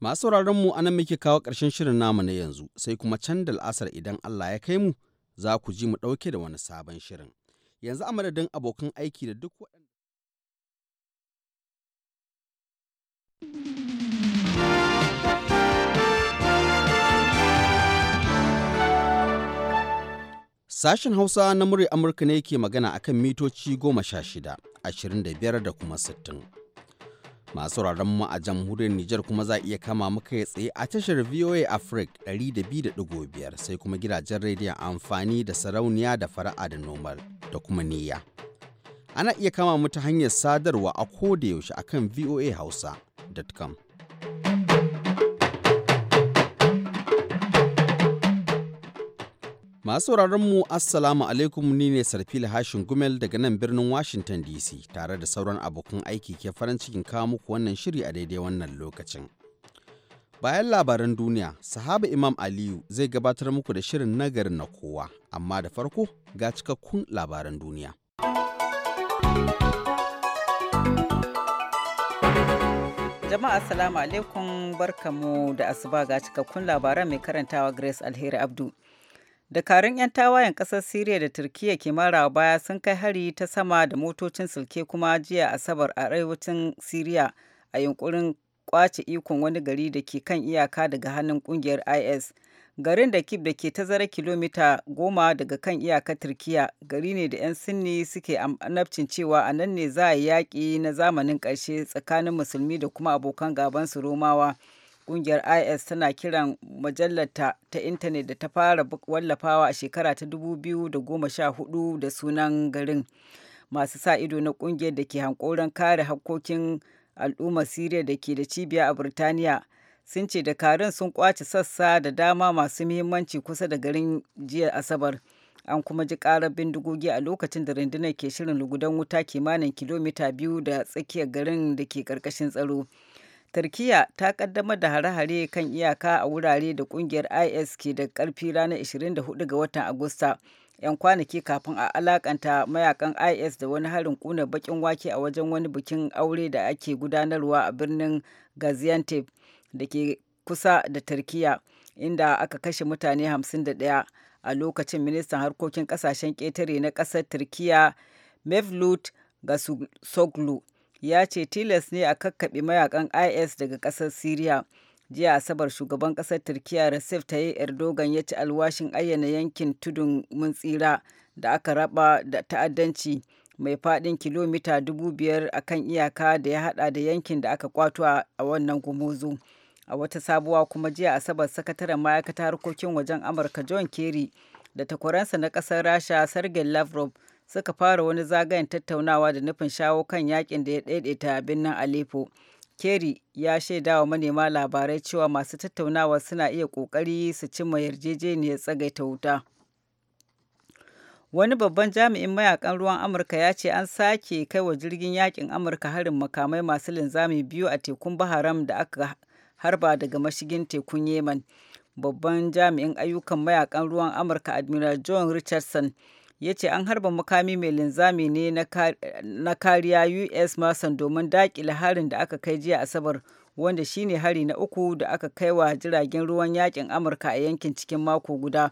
Masu mu a nan muke kawo karshen shirin namu na yanzu, sai kuma can da la'asar idan Allah ya kai mu za ku ji mu ɗauke da wani sabon shirin. Yanzu a madadin abokan aiki da duk waɗanda. Sashen Hausa na murya Amurka ne ke magana akan mitoci goma sha shida, ashirin da biyar da kuma sittin. Masu mu a jamhuriyar Nijar kuma za iya kama muka ya tsaye a tashar VOA Africa 200.5 sai kuma gidajen rediyon amfani da sarauniya da fara'a da nomal da kuma niyya. Ana iya kama mu ta hanyar sadarwa a koda yaushe akan voahausa.com. Masu mu Assalamu alaikum ni ne Sarfila Hashin Gumel daga nan birnin Washington DC tare da sauran abokan aiki ke farin cikin kawo muku wannan shiri a daidai wannan lokacin. Bayan labaran duniya, sahaba Imam Aliyu zai gabatar muku da shirin nagarin na kowa, amma da farko ga cikakkun labaran duniya. Jama'a Assalamu alaikum barkamu da asuba ga cikakkun labaran mai karantawa Grace Alheri Abdu. dakarun 'yan tawayen ƙasar siriya da turkiya ke marawa baya sun kai hari ta sama da motocin sulke kuma jiya asabar a arewacin siriya a yunkurin kwace ikon wani gari da ke kan iyaka daga hannun ƙungiyar is garin da kib da ke tazara kilomita goma daga kan iyaka turkiya gari ne da 'yan sinni suke annabcin cewa a nan ne za a yaƙi na zamanin ƙarshe tsakanin musulmi da kuma abokan gabansu romawa Ƙungiyar IS tana kiran mujallarta ta intanet da ta fara wallafawa a shekara ta 2014 da sunan garin. Masu sa ido na ƙungiyar da ke hankoron kare hakkokin al'ummar Siriya da ke da cibiya a Burtaniya sun ce da dakarun sun kwace sassa da dama masu muhimmanci kusa da garin jiya Asabar. An kuma ji karar bindigogi a lokacin da rundunar ke shirin lugudan wuta kimanin kilomita biyu da tsakiyar garin da ke karkashin tsaro. Turkiyya ta kaddamar da hare-hare kan iyaka a wurare da kungiyar IS ke da karfi ranar 24 ga watan Agusta, 'yan kwanaki kafin a alakanta mayakan IS da wani harin kuna bakin wake a wajen wani bikin aure da ake gudanarwa a birnin Gaziantep da ke kusa da Turkiyya, inda aka kashe mutane 51 a lokacin ministan harkokin kasashen ƙetare na ƙasar Turkiyya Mevlut gasoglu ya ce tilas ne a kakkaɓe mayakan is daga ƙasar syria jiya asabar shugaban ƙasar turkiya recep tayyip erdogan ya ci alwashin ayyana yankin tudun mun tsira da aka raba da ta'addanci mai faɗin kilomita dubu biyar a kan iyaka da ya hada da yankin da aka kwato a wannan gumuzu a wata sabuwa kuma jiya asabar sakataren ma'aikatar harkokin wajen amurka john kerry da takwaransa na ƙasar rasha sergei lavrov suka fara wani zagayen tattaunawa da nufin shawo kan yakin da ya daidaita birnin Aleppo. Kerry ya shaida wa manema labarai cewa masu tattaunawa suna iya kokari su cimma yarjejeniyar tsagaita wuta. Wani babban jami'in mayakan ruwan Amurka ya ce an sake kai wa jirgin yakin Amurka harin makamai masu linzami biyu a tekun Baharam da aka harba daga mashigin tekun Yemen. Babban jami'in ayyukan mayakan ruwan Amurka Admiral John Richardson ya ce an harba makami mai linzami ne na kariya us mason domin dakile harin da aka kai jiya asabar wanda shine hari na uku da aka kai wa jiragen ruwan yakin amurka a yankin cikin mako guda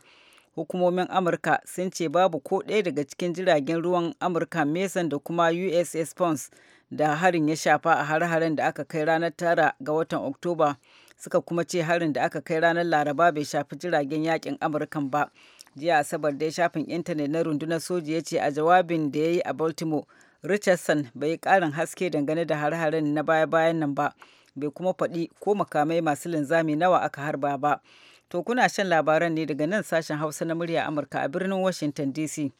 hukumomin amurka sun ce babu ko ɗaya daga cikin jiragen ruwan amurka mason da kuma uss pons da harin ya shafa a har-haren da aka kai ranar tara ga watan oktoba suka kuma ce harin da aka kai ranar laraba bai shafi jiragen yakin amurkan ba jiya asabar dai shafin intanet na rundunar soji ya ce a jawabin da ya yi a baltimore richardson bai yi karin haske dangane da har-haren na baya-bayan nan ba bai kuma faɗi ko makamai masu linzami nawa aka harba ba to kuna shan labaran ne daga nan sashen hausa na murya amurka a birnin washington dc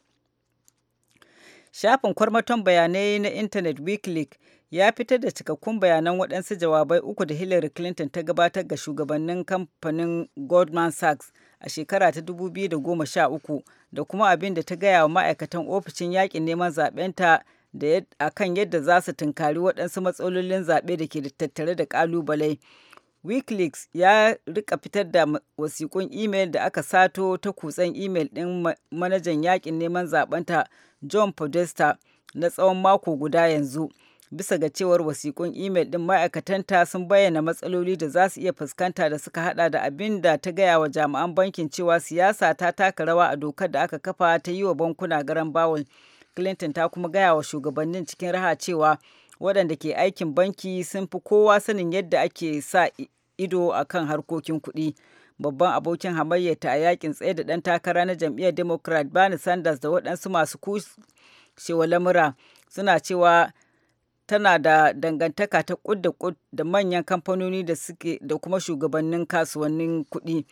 shafin kwarmaton bayanai na intanet wikileaks ya fitar da cikakkun bayanan waɗansu jawabai uku da hillary clinton ta gabatar ga shugabannin kamfanin goldman sachs a shekara ta 2013 da kuma abin da ta gaya wa ma'aikatan ofishin yakin neman zaɓenta a kan yadda za su tunkari waɗansu matsalolin zaɓe da ke tattare da ƙalubale. wikileaks ya rika fitar da wasiƙun imel da aka sato ta kutsen imel ɗin manajan yakin neman zaɓenta john podesta na tsawon mako guda yanzu bisa ga cewar wasikun imel ɗin ma'aikatanta sun bayyana matsaloli da za su iya fuskanta da suka hada da abin da ta gaya wa jami'an bankin cewa siyasa ta taka rawa a dokar da aka kafa ta yi wa bankuna garan bawul clinton ta kuma gaya wa shugabannin cikin raha cewa waɗanda ke aikin banki sun fi kowa sanin yadda ake sa ido a kan harkokin kuɗi babban abokin hamayyata a yakin tsaye da ɗan takara na jam'iyyar democrat bernie sanders da waɗansu masu kushe lamura suna cewa tana da dangantaka ta kud da kud da manyan kamfanoni da suke da kuma shugabannin kasuwannin kuɗi.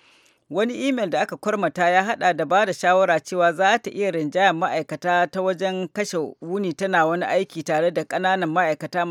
Wani imel da aka kwarmata ya hada da ba da shawara cewa za ta iya rinjaya ma'aikata ta wajen kashe wuni tana wani aiki tare da ƙananan ma'aikata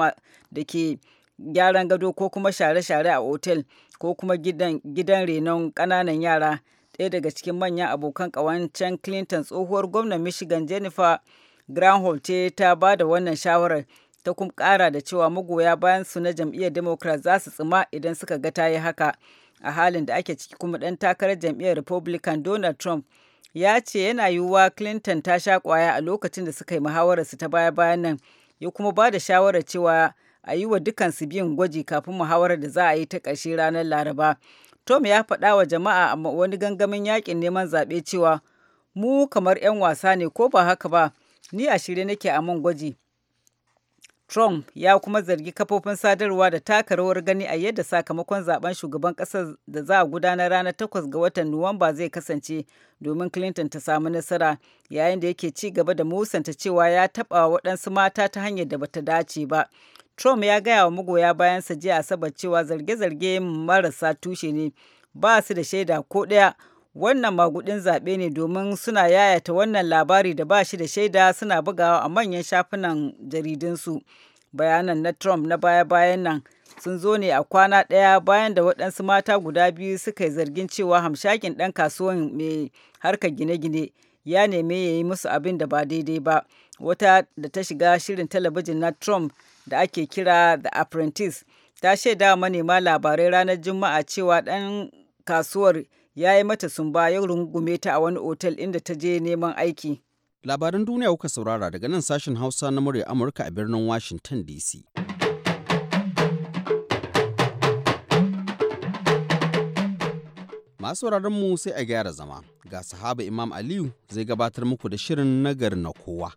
da ke gyaran gado ko kuma share-share a otel ko kuma gidan renon ƙananan yara. ɗaya daga cikin manyan abokan ƙawancen Clinton tsohuwar gwamnan Michigan Jennifer Granholm ce ta ba da wannan shawarar ta kuma kara da cewa magoya bayan su na jam'iyyar democrat za su tsima idan suka ga ta yi haka a halin da ake ciki kuma dan takarar jam'iyyar republican donald trump ya ce yana yiwuwa clinton ta sha kwaya a lokacin da suka yi muhawararsu ta baya bayan nan ya kuma ba da shawarar cewa a yi wa dukansu biyun gwaji kafin muhawarar da za a yi ta ƙarshe ranar laraba tom ya faɗa wa jama'a a wani gangamin yakin neman zaɓe cewa mu kamar 'yan wasa ne ko ba haka ba ni a shirye nake a man gwaji Trump ya kuma zargi kafofin sadarwa da taka rawar gani a yadda sakamakon zaben shugaban ƙasar da za a gudanar ranar 8 ga watan Nuwamba zai kasance domin Clinton ta samu nasara yayin da yake ci gaba da musanta cewa ya taɓa waɗansu mata ta hanyar da bata dace ba. Trump ya gaya wa magoya bayansa jiya Asabar cewa zarge-zarge marasa tushe ne ba su da shaida ko ɗaya Wannan magudin zaɓe ne domin suna yayata wannan labari da ba shi da shaida suna bugawa a manyan shafunan jaridunsu. Bayanan na Trump na baya-bayan nan sun zo ne a kwana ɗaya bayan da waɗansu mata guda biyu suka yi zargin cewa hamshakin ɗan kasuwan mai harkar gine-gine ya nemi ya yi musu abin da ba daidai ba. Wata da ta shiga shirin talabijin na Trump da ake kira The Apprentice ta shaida manema labarai ranar Juma'a cewa ɗan kasuwar ya yi mata sumba ya rungume ta a wani otal inda ta je neman aiki. Labaran duniya kuka saurara daga nan sashen Hausa na murya Amurka a birnin Washington DC. Masu mu sai a gyara zama, ga sahaba Imam Aliyu zai gabatar muku da shirin nagar na kowa.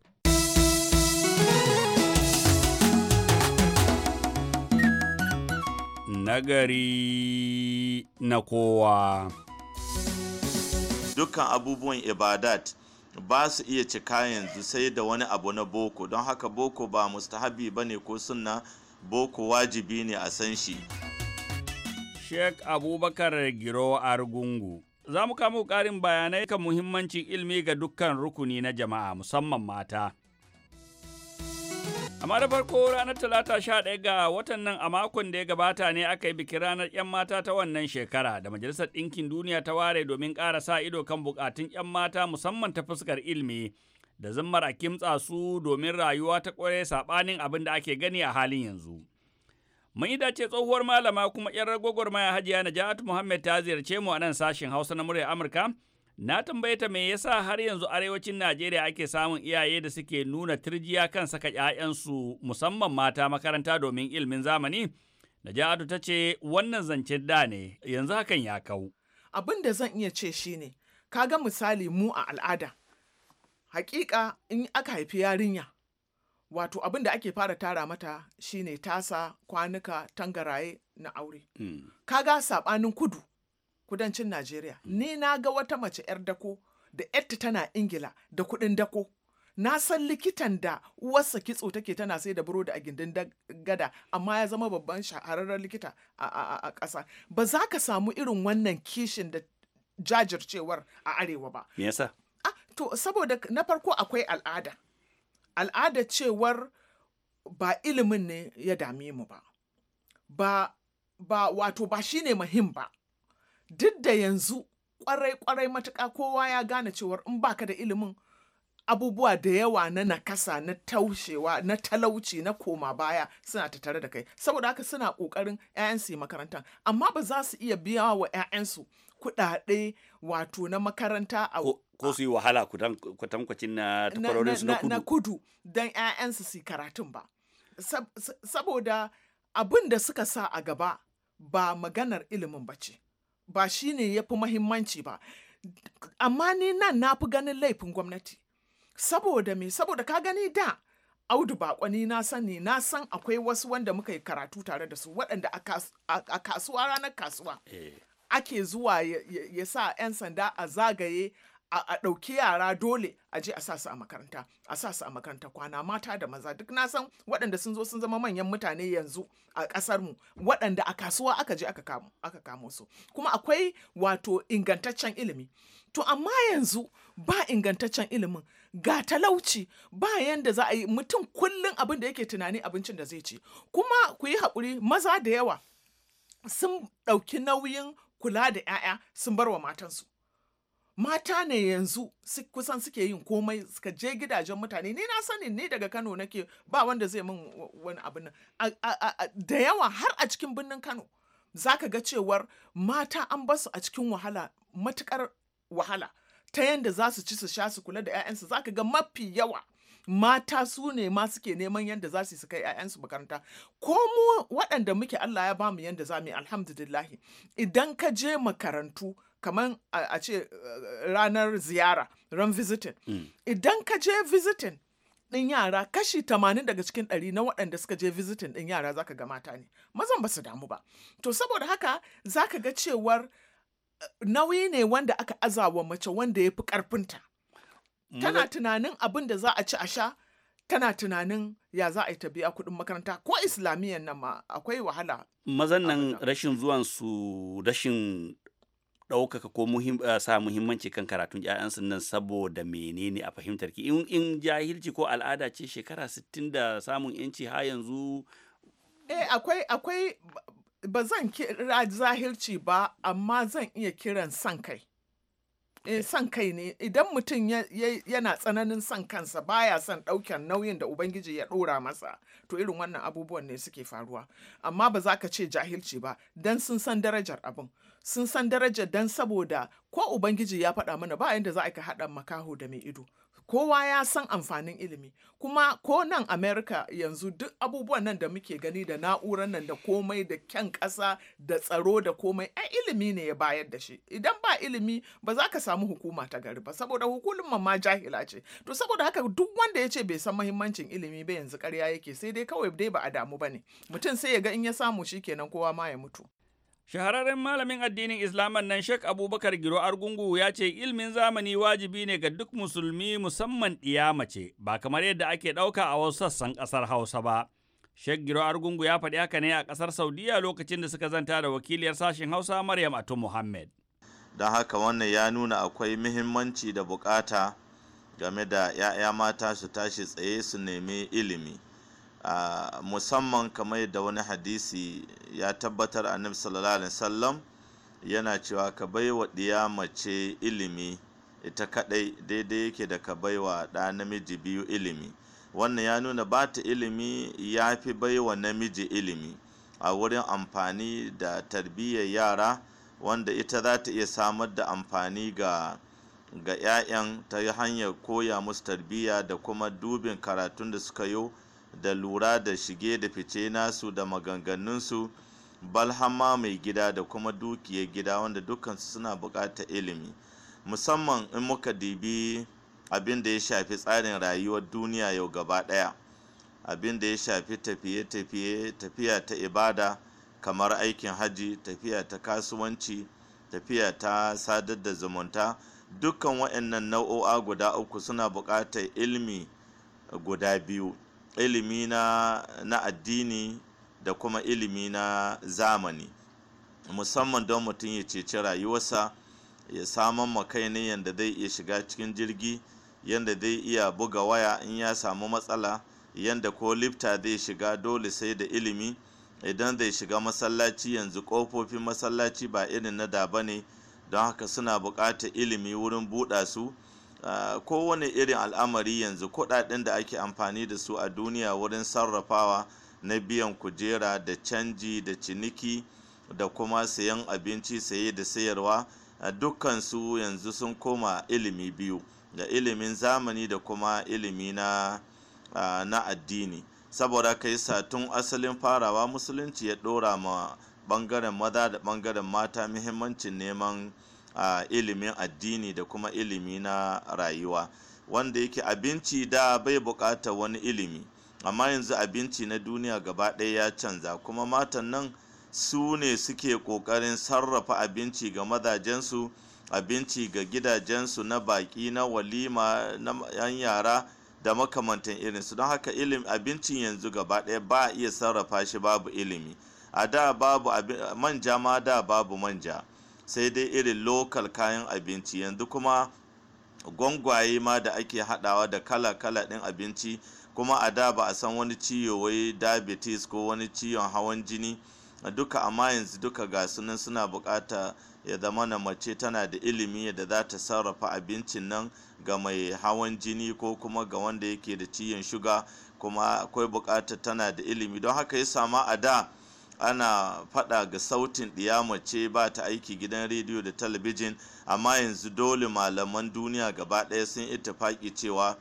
Nagari na kowa. dukkan abubuwan ibadat ba su iya cika yanzu sai da wani abu na boko don haka boko ba mustahabi ba ne ko sunna boko wajibi ne a san shi sheik abubakar giro argungu za mu kamo ƙarin bayanai kan muhimmancin ilmi ga dukkan rukuni na jama'a musamman mata amma da farko ranar talata sha ɗaya ga watan nan a makon da ya gabata ne aka yi bikin ranar 'yan mata ta wannan shekara da majalisar ɗinkin duniya ta ware domin ƙara sa ido kan buƙatun 'yan mata musamman ta fuskar ilimi da zammar a kimtsa su domin rayuwa ta ƙware saɓanin abin da ake gani a halin yanzu. Mun yi dace tsohuwar malama kuma 'yan 'yar maya hajiya Najat Muhammad ta ziyarce mu a nan sashen Hausa na murya Amurka Na tambayeta ta me yasa har yanzu arewacin Najeriya ake samun iyaye da suke nuna turjiya kan saka ‘ya'yansu musamman mata makaranta domin ilmin zamani? najatu ta ce wannan zancen da ne yanzu hakan ya kau. Abin da zan iya ce shine, kaga misali mu a al'ada. Hakika in aka haifi yarinya, wato abin da ake fara tara mata shine tasa, kwanuka, tangaraye na aure. Hmm. Kaga saɓanin kudu. kudancin Najeriya. Ni na ga wata mace 'yar dako da 'yarta tana Ingila da kuɗin dako. Na san likitan da uwarsa kitso take tana sai da burodi a gindin gada, amma ya zama babban shahararren likita a ƙasa. Ba za ka samu irin wannan kishin da jajircewar a arewa ba. Me yasa? Ah, to saboda na farko akwai al'ada. Al'ada cewar ba ilimin ne ya dame mu ba. Ba ba wato ba shine muhim ba. duk da yanzu kwarai-kwarai matuka kowa ya gane cewar in baka da ilimin abubuwa da yawa na nakasa na taushewa na talauci na koma baya suna ta tare da kai saboda haka suna ƙoƙarin 'ya'yansu yi makaranta amma ba za su iya biya wa 'ya'yansu kuɗaɗe wato na makaranta a ko su yi wahala kwatankwacin na takwarorinsu na kudu na kudu don 'ya'yansu su yi karatun ba saboda abin da suka sa a gaba ba maganar ilimin ba ce ba shi ne ya fi mahimmanci ba amma ni nan na fi ganin laifin gwamnati saboda me saboda ka gani da audu bakwani na sani na san akwai wasu wanda muka yi karatu tare da su waɗanda a kasuwa ranar kasuwa eh. ake zuwa ya sa 'yan sanda a zagaye a ɗauki yara dole a je a sa su a makaranta a sa su a makaranta kwana mata da maza duk na san waɗanda sun zo sun zama manyan mutane yanzu a ƙasar mu waɗanda a kasuwa aka je aka kamo su kuma akwai wato ingantaccen ilimi to amma yanzu ba ingantaccen ilimin ga talauci ba yanda za a yi mutum kullum abin da yake tunani abincin da zai ci kuma ku yi haƙuri maza da yawa sun ɗauki nauyin kula da 'ya'ya sun bar wa matansu mata ne yanzu kusan suke yin komai suka je gidajen mutane ni na sani ni daga kano nake ba wanda zai min wani abin nan da yawa har a cikin birnin kano zaka ga cewar mata an basu a cikin wahala matukar wahala ta yanda za su ci su sha su kula da 'ya'yansu zaka ga mafi yawa mata su ne ma suke neman yadda za su kai 'ya'yansu makaranta ko mu waɗanda muke Allah ya bamu yanda za mu yi alhamdulillahi idan ka je makarantu kamar a ce eh, ranar ziyara ran visiting mm. idan ka je visiting din yara kashi 80 daga cikin 100 na waɗanda suka je visiting din yara zaka ga mata ne mazan ba su damu ba to saboda haka zaka ga cewar eh, nauyi ne wanda aka azawa mace wanda ya fi ƙarfinta tana tunanin abin da za a ci a sha tana tunanin ya za a yi ta biya kuɗin makaranta ko islamiyan nan ma akwai wahala mazan nan rashin zuwan su rashin ɗaukaka ko eh, sa muhimmanci kan karatun yayan nan saboda menene a fahimtar ki in jahilci ko al'ada ce shekara sittin da samun ‘yanci ha yanzu eh akwai akwai ba zan kira zahilci ba amma zan iya kiran san kai Eh, san kai ne idan mutum yana tsananin san kansa baya son ɗaukan nauyin da ubangiji ya ɗora masa to irin wannan abubuwan ne suke faruwa amma ba za ka ce jahilci ba dan sun san darajar abin sun san darajar dan saboda ko ubangiji ya faɗa mana ba yadda za a ka haɗa makaho da mai ido kowa ya san amfanin ilimi kuma ko nan america yanzu duk abubuwan nan da muke gani da na'urar nan da komai da kyan kasa da tsaro da komai ai ilimi ne ya bayar da shi idan ba ilimi ba za ka samu hukuma ta gari ba saboda hukumar ma jahila ce to saboda haka duk wanda ya ce bai san muhimmancin ilimi ba yanzu karya yake sai dai kawai dai ba a damu ba ne mutum sai ya ga in ya samu shi kenan kowa ma ya mutu Shahararren malamin addinin Islaman nan Sheikh Abubakar Giro Argungu ya ce ilmin zamani wajibi ne ga duk musulmi musamman ɗiya mace ba kamar yadda ake ɗauka a wasu sassan ƙasar Hausa ba. Sheikh Giro Argungu ya faɗi haka ne a ƙasar Saudiya lokacin da suka zanta da wakiliyar sashen Hausa Maryam Atu Muhammad. Don haka wannan ya nuna akwai muhimmanci da bukata game da 'ya'ya mata su tashi tsaye su nemi ilimi. musamman kamar yadda wani hadisi ya tabbatar annabi sallallahu alaihi wasallam yana cewa ka baiwa ɗiya mace ilimi ita kadai daidai yake da ka baiwa ɗa namiji biyu ilimi wannan ya nuna ba ta ilimi ya fi baiwa namiji ilimi a wurin amfani da tarbiyyar yara wanda ita za ta iya samar da amfani ga ga 'ya'yan ta hanyar koya musu tarbiyya da kuma dubin karatun da suka yi da lura da shige da fice nasu da maganganunsu balhama mai gida da kuma dukiyar gida wanda dukansu suna bukata ilimi musamman in muka dibi abin da ya shafi tsarin rayuwar duniya yau gaba ɗaya abin da ya shafi tafiye-tafiye tafiya ta ibada kamar aikin hajji tafiya ta kasuwanci tafiya ta sadar da zumunta dukkan waɗannan nau'o'a guda uku suna bukatar ilimi guda biyu ilimi na addini da kuma ilimi na zamani musamman don mutum ya ceci rayuwarsa ya saman makai ne yadda zai iya shiga cikin jirgi yadda zai iya buga waya in ya samu matsala yadda ko lifta zai shiga dole sai da ilimi idan zai shiga masallaci yanzu kofofin masallaci ba irin na da ba ne don haka suna bukatar ilimi wurin buɗa su Ah, kowane irin al'amari yanzu kuɗaɗen da ake amfani da su a duniya wurin sarrafawa na biyan kujera da canji da ciniki da kuma sayan abinci saye da sayarwa ah, dukkansu yanzu sun koma ilimi biyu da ilimin zamani da kuma ilimi na ah, na addini saboda kai satun asalin farawa musulunci ya ɗora ma ɓangaren maza da ɓangaren mata muhimmancin neman A ilimin addini da kuma ilimi na rayuwa wanda yake abinci da bai bukata wani ilimi amma yanzu abinci na duniya gaba ɗaya ya canza kuma matan nan su ne suke ƙoƙarin sarrafa abinci ga mazajensu abinci ga gidajensu na baƙi na walima na yan yara da makamantan irinsu don haka abincin yanzu gaba ɗaya ba a iya sarrafa shi babu ilimi a da babu manja ma da babu manja sai dai irin lokal kayan abinci yanzu kuma gwangwaye ma da ake hadawa da kala-kala din abinci kuma a da ba a san wani ciwo wai diabetes ko wani ciwon hawan jini duka amma yanzu duka ga sunan suna bukata ya zama na mace tana da ilimi da za ta sarrafa abincin nan ga mai hawan jini ko kuma ga wanda yake da ciwon shuga kuma akwai bukata tana da ilimi don haka ya sama a da ana faɗa ga sautin mace ba ta aiki gidan rediyo da talabijin amma yanzu dole malaman duniya gaba ɗaya sun ittifaƙi cewa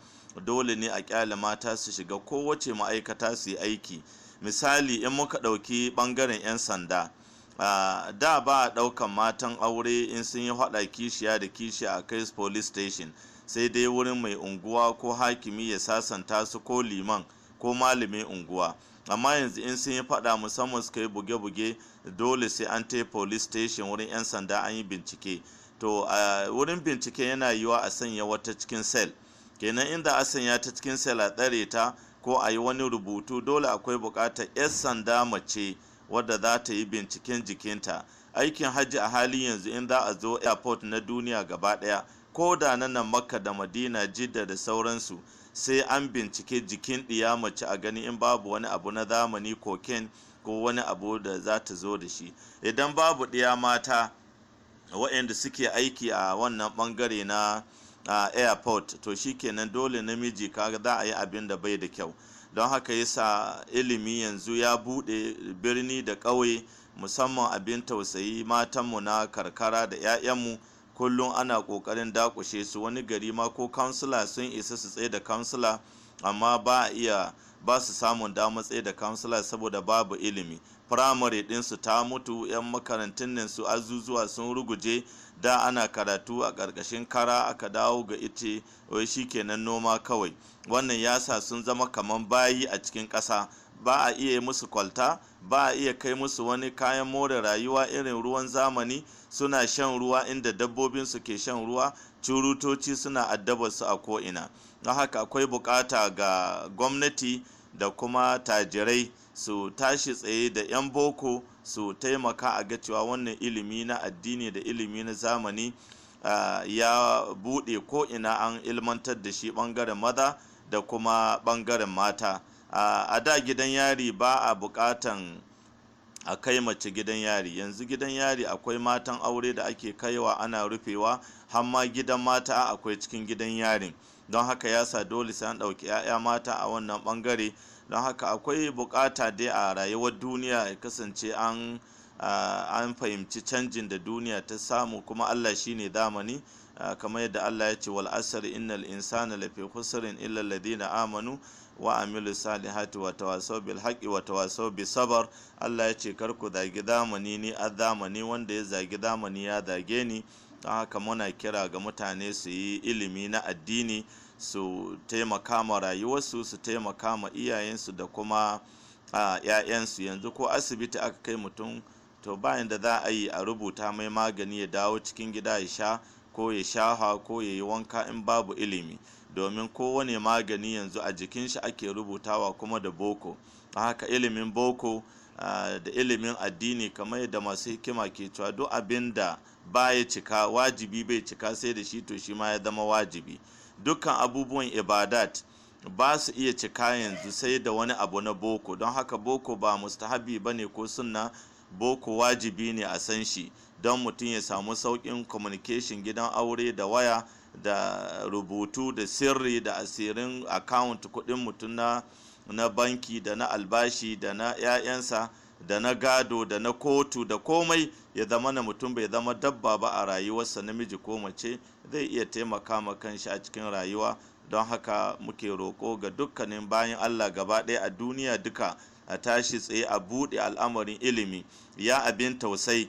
dole ne a ƙyale mata su shiga kowace ma'aikata su yi aiki misali in muka ɗauki bangaren 'yan sanda da ba a ɗaukan matan aure in sun yi haɗa kishiya da kishiya a kai police station sai dai wurin mai unguwa ko hakimi ya sasanta su ko liman ko malamin unguwa amma yanzu in sun yi faɗa musamman suka yi buge-buge dole sai an ta police station wurin 'yan sanda an yi bincike to wurin bincike yana yiwa a sanya wata cikin sel kenan inda a sanya ta cikin sel a tsare ta ko a yi wani rubutu dole akwai bukatar 'yan sanda mace wadda za ta yi binciken jikinta aikin hajji a halin yanzu in za a zo airport na duniya gaba daya ko da nan makka da madina jidda da sauransu sai an bincike jikin ɗiya mace a gani in babu wani abu na zamani koken ko wani abu da za ta zo da shi idan babu ɗiya mata waɗanda suke aiki a wannan ɓangare na airport to shi shikenan dole namiji kaga za a yi abin da bai da kyau don haka yasa ilimi yanzu ya buɗe birni da ƙauye musamman abin tausayi matanmu na karkara da 'ya'yanmu kullum ana ƙoƙarin dakushe su wani gari ma ko kansula sun isa su tsaye da kansula amma ba iya ba su samun damar tsaye da kansula saboda babu ilimi firamare ɗinsu ta mutu 'yan makarantun nan su azuzuwa sun ruguje da ana karatu a ƙarƙashin kara aka dawo ga ice wai shikenan noma kawai wannan yasa sun zama kaman bayi a cikin ƙasa ba a iya musu kwalta ba a iya kai musu wani kayan more rayuwa irin ruwan zamani suna shan ruwa inda dabbobinsu ke shan ruwa curutoci suna addabar su a ko'ina na haka akwai bukata ga gwamnati da kuma tajirai su tashi tsaye da 'yan boko su taimaka a ga cewa wannan ilimi na addini da ilimi na zamani uh, ya buɗe ko'ina an ilmantar da shi bangaren maza da kuma bangaren mata a da gidan yari ba a bukatan a kai mace gidan yari yanzu gidan yari akwai matan aure da ake kaiwa ana rufewa hamma gidan mata akwai cikin gidan yarin don haka ya sa dole sai an ɗauki 'ya'ya mata a wannan ɓangare don haka akwai bukata dai a rayuwar duniya ya kasance an an fahimci canjin da duniya ta samu kuma allah shine damani kamar yadda allah ya ce wal asr innal insana lafi khusrin illa ladina amanu wa amilu salihati wa wata bil haqqi bi sabar Allah ya ce kar ku zagi zamani ni a zamani wanda ya zagi zamani ya zage ni don haka muna kira ga mutane su yi ilimi na addini su taimaka ma rayuwarsu su taimaka ma iyayensu da kuma ‘ya'yansu yanzu ko asibiti aka kai mutum to bayan da za a yi a rubuta mai magani ya dawo cikin gida ya sha ko ya shaha ko ya yi wanka in babu ilimi domin kowane magani yanzu a jikin shi ake rubutawa kuma da boko a haka ilimin boko da ilimin addini kamar yadda masu hikima ke cewa duk abin da baya cika wajibi bai cika sai da shi to shi ma ya zama wajibi dukkan abubuwan ibadat ba su iya cika yanzu sai da wani abu na boko don haka boko ba mustahabi ba ne ko sunna boko wajibi ne a san shi don mutum ya samu sauƙin communication gidan aure da waya da rubutu da sirri da asirin account kudin mutum na na banki da na albashi da na 'ya'yansa da na gado da na kotu da komai ya zama na mutum bai zama dabba ba a rayuwarsa namiji ko mace zai iya taimaka ma kanshi a cikin rayuwa don haka muke roƙo ga dukkanin bayan Allah gaba ɗaya a duniya duka a tashi tsaye a buɗe al'amarin ilimi ya abin tausai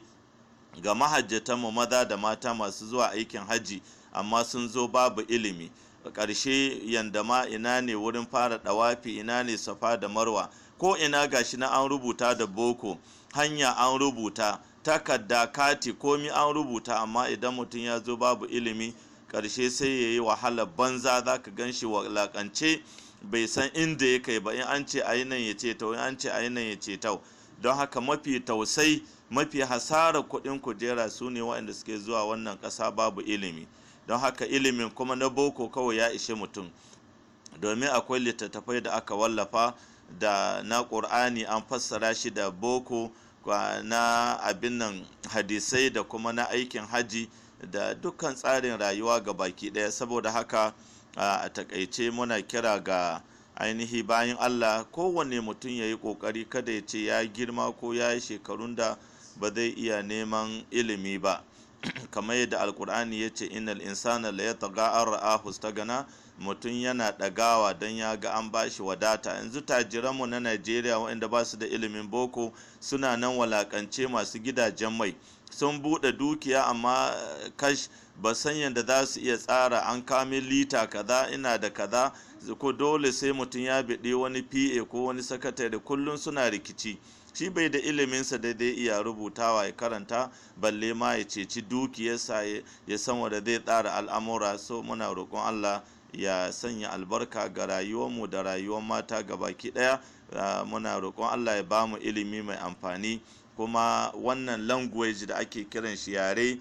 ga mahajjatanmu maza da mata masu zuwa aikin hajji amma sun zo babu ilimi ƙarshe yanda ma ina ne wurin fara ɗawafi ina ne safa da marwa ko ina gashi na an rubuta da boko hanya an rubuta takarda kati komi an rubuta amma idan mutum ya zo babu ilimi ƙarshe sai ya yi wahala banza za ka gan shi walakance bai san inda ya kai ba in an ce a yi nan ya ce tau in an ce a nan ya ce tau don haka mafi tausai mafi hasara kuɗin kujera su ne waɗanda suke zuwa wannan ƙasa babu ilimi don haka ilimin kuma na boko kawai ya ishe mutum domin akwai littattafai da aka wallafa da na ƙur'ani an fassara shi da boko na abin nan hadisai da kuma na aikin haji da dukkan tsarin rayuwa ga baki ɗaya saboda haka a takaice muna kira ga ainihi bayan allah kowane mutum ya yi ƙoƙari kada ya ce ya girma ko ya yi shekarun da ba zai iya neman ilimi ba kamar yadda alkur'ani ya ce inal insana la taga an ra'ahu stagana mutum yana dagawa don ya ga an bashi wadata yanzu tajiranmu na Najeriya waɗanda ba su da ilimin boko suna nan walakance masu gidajen mai sun buɗe dukiya amma eh, kash ba san yadda za su iya tsara an kame lita kaza ina da kaza ko dole sai mutum ya biɗi wani pa ko wani sakatare kullum suna rikici shi bai da iliminsa da zai iya rubutawa ya karanta balle ma ya ceci dukiyarsa ya san wanda zai tsara al'amura so muna roƙon Allah ya sanya albarka ga rayuwarmu da rayuwar mata gabaki ɗaya ah, muna roƙon Allah ya bamu ilimi mai amfani kuma wannan language da ake kiran shi yare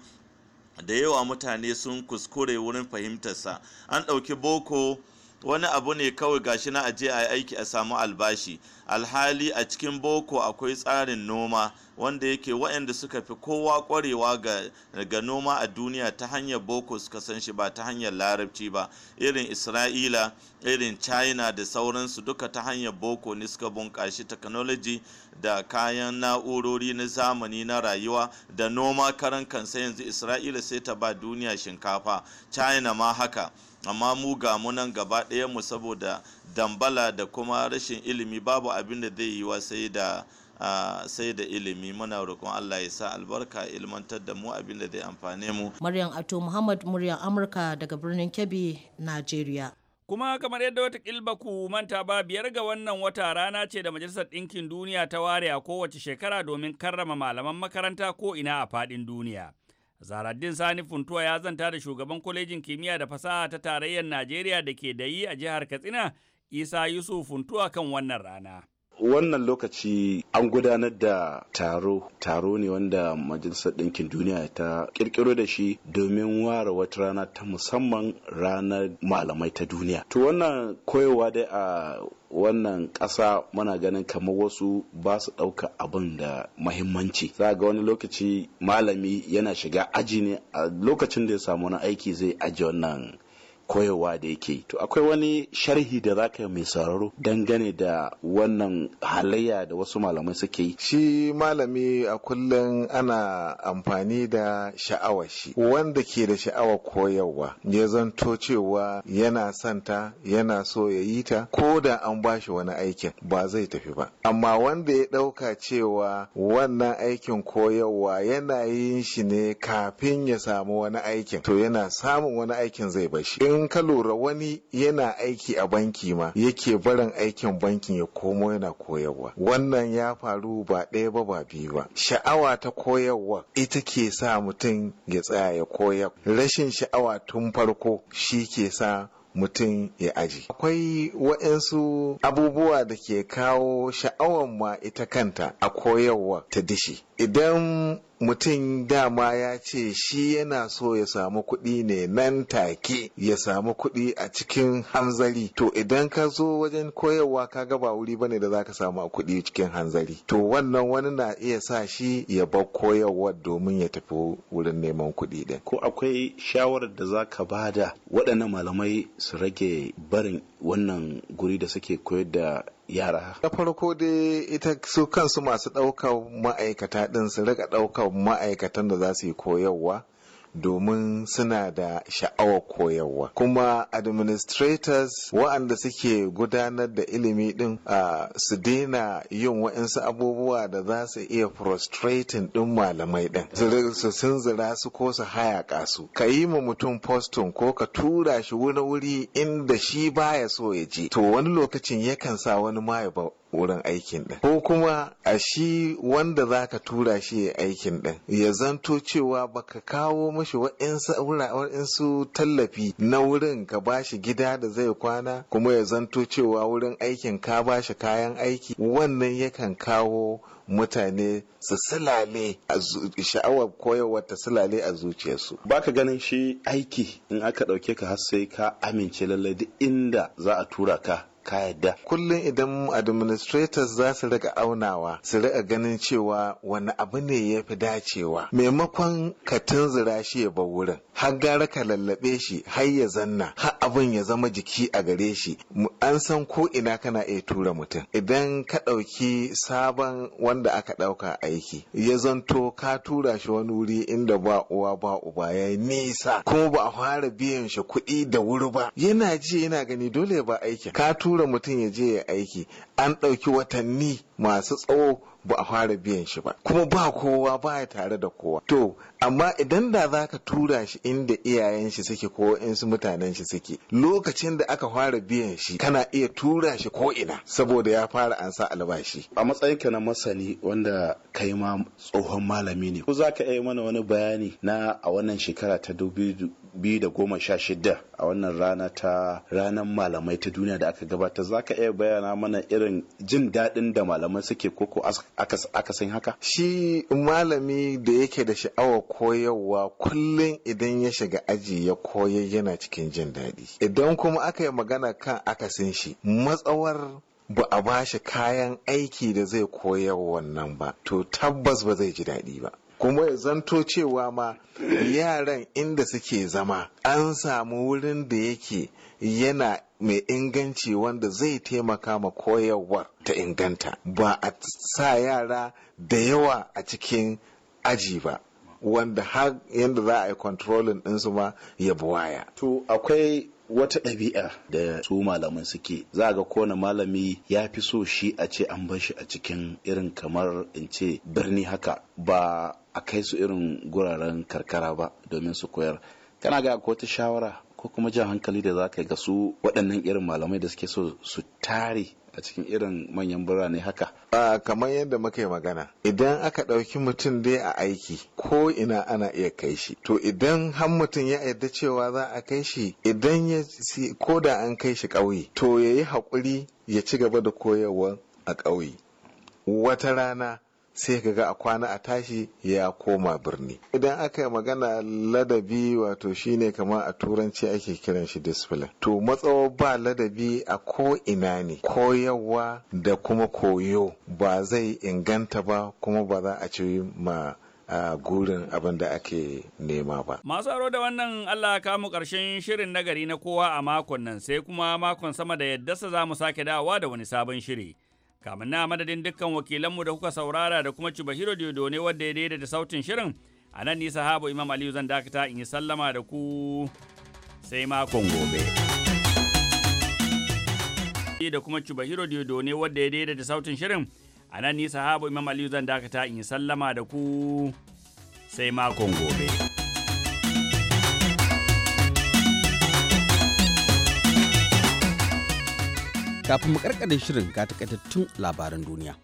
da yawa mutane sun kuskure wurin fahimtarsa an ɗauki boko wani abu ne kawai gashi na aje a aiki a samu albashi alhali a cikin boko akwai tsarin noma wanda yake waɗanda suka fi kowa kwarewa ga, noma a duniya ta hanyar boko suka san shi ba ta hanyar larabci ba irin isra'ila irin china da sauransu duka ta hanyar boko ne suka bunƙashi technology da kayan na'urori na zamani na rayuwa da noma karan kansa yanzu isra'ila sai ta ba duniya shinkafa china ma haka amma mu ga munan gaba ɗaya mu saboda dambala da kuma rashin ilimi babu abin da zai wa sai da sai da ilimi muna roƙon Allah ya sa albarka ilmantar da mu abin da zai amfane mu Maryam Ato Muhammad muryar Amurka daga birnin Kebbi Najeriya Kuma kamar yadda wata ku manta ba biyar ga wannan wata rana ce da Majalisar Ɗinkin Duniya ta ware a kowace shekara domin karrama malaman makaranta ko ina a fadin duniya. Zaraddin Sani Funtuwa ya zanta da shugaban kwalejin kimiyya da fasaha ta tarayyar Najeriya da ke da yi a jihar Katsina, Isa Yusuf Funtuwa kan wannan rana. wannan lokaci an gudanar da taro taro ne wanda majalisar ɗinkin duniya ta kirkiro da shi domin ware wata rana ta musamman ranar malamai ta duniya to wannan koyowa dai a wannan ƙasa muna ganin kamar wasu ba su ɗauka abin da mahimmanci za ga wani lokaci malami yana shiga aji ne a lokacin da ya samu wani aiki zai aji wannan koyarwa da yake to akwai wani sharhi da za yi mai sauraro dangane da wannan halayya da wasu malamai suke yi shi malami a kullum ana amfani da sha'awar shi wanda ke da sha'awar koyarwa ya zanto cewa yana santa yana so ya yi ta ko da an ba shi wani aikin ba zai tafi ba amma wanda ya ɗauka cewa wannan aikin koyarwa yana yin shi ne kafin ya samu wani aikin to yana samun wani aikin zai bashi in in ka lura wani yana aiki a banki ma yake barin aikin bankin ya komo yana koyarwa wannan ya faru ba ɗaya ba ba biyu ba sha'awa ta koyarwa ita ke sa mutum ya tsaya ya koyar rashin sha'awa tun farko shi ke sa mutum ya aji. Akwai waɗansu abubuwa da ke kawo sha'awar ma ita kanta a koyarwa ta dishi. idan mutum dama ya ce shi yana so ya samu kuɗi ne nan take ya samu kuɗi a cikin hanzari to idan ka zo wajen koyarwa ka gaba ba wuri bane da zaka samu a kuɗi cikin hanzari to wannan wani na iya sa shi ya bar koyarwa domin ya tafi wurin neman kuɗi din ko akwai shawarar da zaka bada waɗannan malamai su rage barin wannan guri da suke koyar da yara. Na farko dai ita su kansu masu ɗaukar ma'aikata ɗin su rika ɗaukar ma'aikatan da za su yi koyarwa domin suna da sha'awa koyarwa kuma administrators waɗanda suke gudanar da ilimi din su daina yin waɗansu abubuwa da za su iya frustrating din malamai din su sun zira su ko su haya su ka yi ma mutum postin ko ka tura shi wani wuri inda shi baya so ya je to wani lokacin yakan sa wani ma ya wurin aikin ɗin ko kuma a shi wanda za ka tura shi ya aikin ɗin ya zanto cewa baka kawo mashi wa'insu tallafi na wurin ka bashi gida da zai kwana kuma ya zanto cewa wurin aikin ka bashi kayan aiki wannan yakan kawo mutane su silale a sha'awar koyarwar ta silale a zuciyarsu baka ganin shi aiki in aka ɗauke ka har sai ka amince lallai duk inda za a tura ka ka yadda kullum idan administrators za su riga aunawa su riga ganin cewa wani abu ne ya fi dacewa maimakon ka tunzura shi ya bar wurin har gara ka lallabe shi har ya zanna har abin ya zama jiki a gare shi an san ko ina kana iya tura mutum idan ka ɗauki sabon wanda aka ɗauka aiki ya zanto ka tura shi wani wuri inda ba uwa ba uba ya nisa ko ba a fara biyan shi kuɗi da wuri ba yana ji yana gani dole ba aiki ka tura tura mutum ya je ya aiki an ɗauki watanni masu tsawo ba a fara biyan shi ba kuma ba kowa ba tare da kowa to amma idan da za ka tura shi inda iyayen shi suke ko in su mutanen shi suke lokacin da aka fara biyan shi kana iya tura shi ko ina saboda ya fara an sa albashi a matsayin ka na masani wanda kai ma tsohon malami ne ko za ka iya mana wani bayani na a wannan shekara ta dubu 2016 a wannan rana ta ranar malamai ta duniya da aka gabata za ka iya bayana mana irin jin daɗin da malamai suke koko aka san haka? Shi malami da yake da sha'awa koyarwa kullum idan ya shiga aji ya koya yana cikin jin daɗi. Idan kuma aka yi magana kan akasin shi matsawar ba a ba shi kayan aiki da zai koyar wannan ba to tabbas ba zai ji daɗi ba kuma ya zanto cewa ma yaran inda suke zama an samu wurin da yake yana mai inganci wanda zai taimaka ma koyarwar ta inganta ba a sa yara da yawa a cikin aji ba wanda har yadda za a yi kontrolin ɗinsu ma ya buwaya. To akwai wata ɗabi'a da su malaman suke za ga kowane malami ya fi so shi a ce an bar shi a cikin irin kamar in ce birni haka ba a kai su irin guraren karkara ba domin su koyar kana ga ko ta shawara ko kuma jan hankali da za ka ga su waɗannan irin malamai da suke so su tare a cikin irin manyan birane haka a kamar yadda muka yi magana idan aka ɗauki mutum dai a aiki ko ina ana iya kai shi to idan har mutum ya yarda cewa za a kai shi idan ya ko da an kai shi ƙauye to ya yi haƙuri ya ci gaba da koyarwa a ƙauye wata rana sai ka ga a kwana a tashi ya koma birni idan aka yi magana ladabi wato shine kamar a turanci ake kiran shi discipline to matsawo ba ladabi a ko ina ne koyarwa da kuma koyo ba zai inganta ba kuma ba za a ci ma a gurin abin da ake nema ba. Masu aro da wannan Allah ka mu ƙarshen shirin nagari na kowa a makon nan sai kuma makon sama da yadda za mu sake dawa da wani sabon shiri. kamar na madadin dukkan wakilanmu da kuka saurara da kuma Cibahiro Diodo ne wadda ya daidaita sautin shirin. A nan nisa habu Imam Aliyu zan dakata in yi sallama da ku sai makon gobe. Da kuma Cibahiro Diodo ne wadda ya daidaita sautin shirin. A nan nisa habu Imam Aliyu zan dakata in yi sallama da ku sai makon gobe. kafin mu karkare shirin ga takaitattun labaran duniya.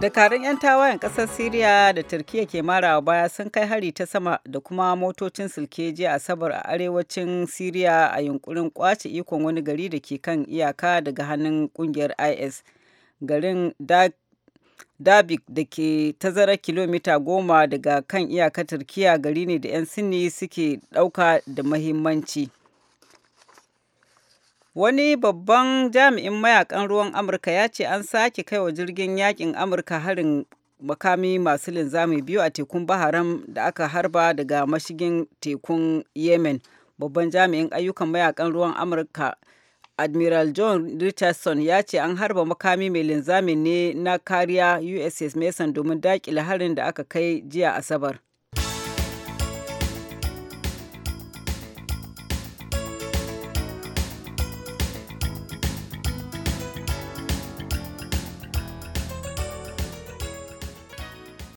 dakarun 'yan tawayen kasar siriya da turkiyya ke marawa baya sun kai hari ta sama da kuma motocin silke jiya asabar a arewacin siriya a yunkurin kwace ikon wani gari da ke kan iyaka daga hannun kungiyar is garin dabik da ke tazara kilomita goma daga kan iyaka turkiyya gari ne da 'yan sinni suke ɗauka da mahimmanci. Wani babban jami'in mayakan ruwan Amurka ya ce an sake kai wa jirgin yakin Amurka harin makami masu linzami biyu a tekun Baharam da aka harba daga mashigin tekun Yemen. Babban jami'in ayyukan mayakan ruwan Amurka Admiral John Richardson ya ce an harba makami mai linzami ne na kariya USS Mason domin daƙile harin da aka kai jiya Asabar.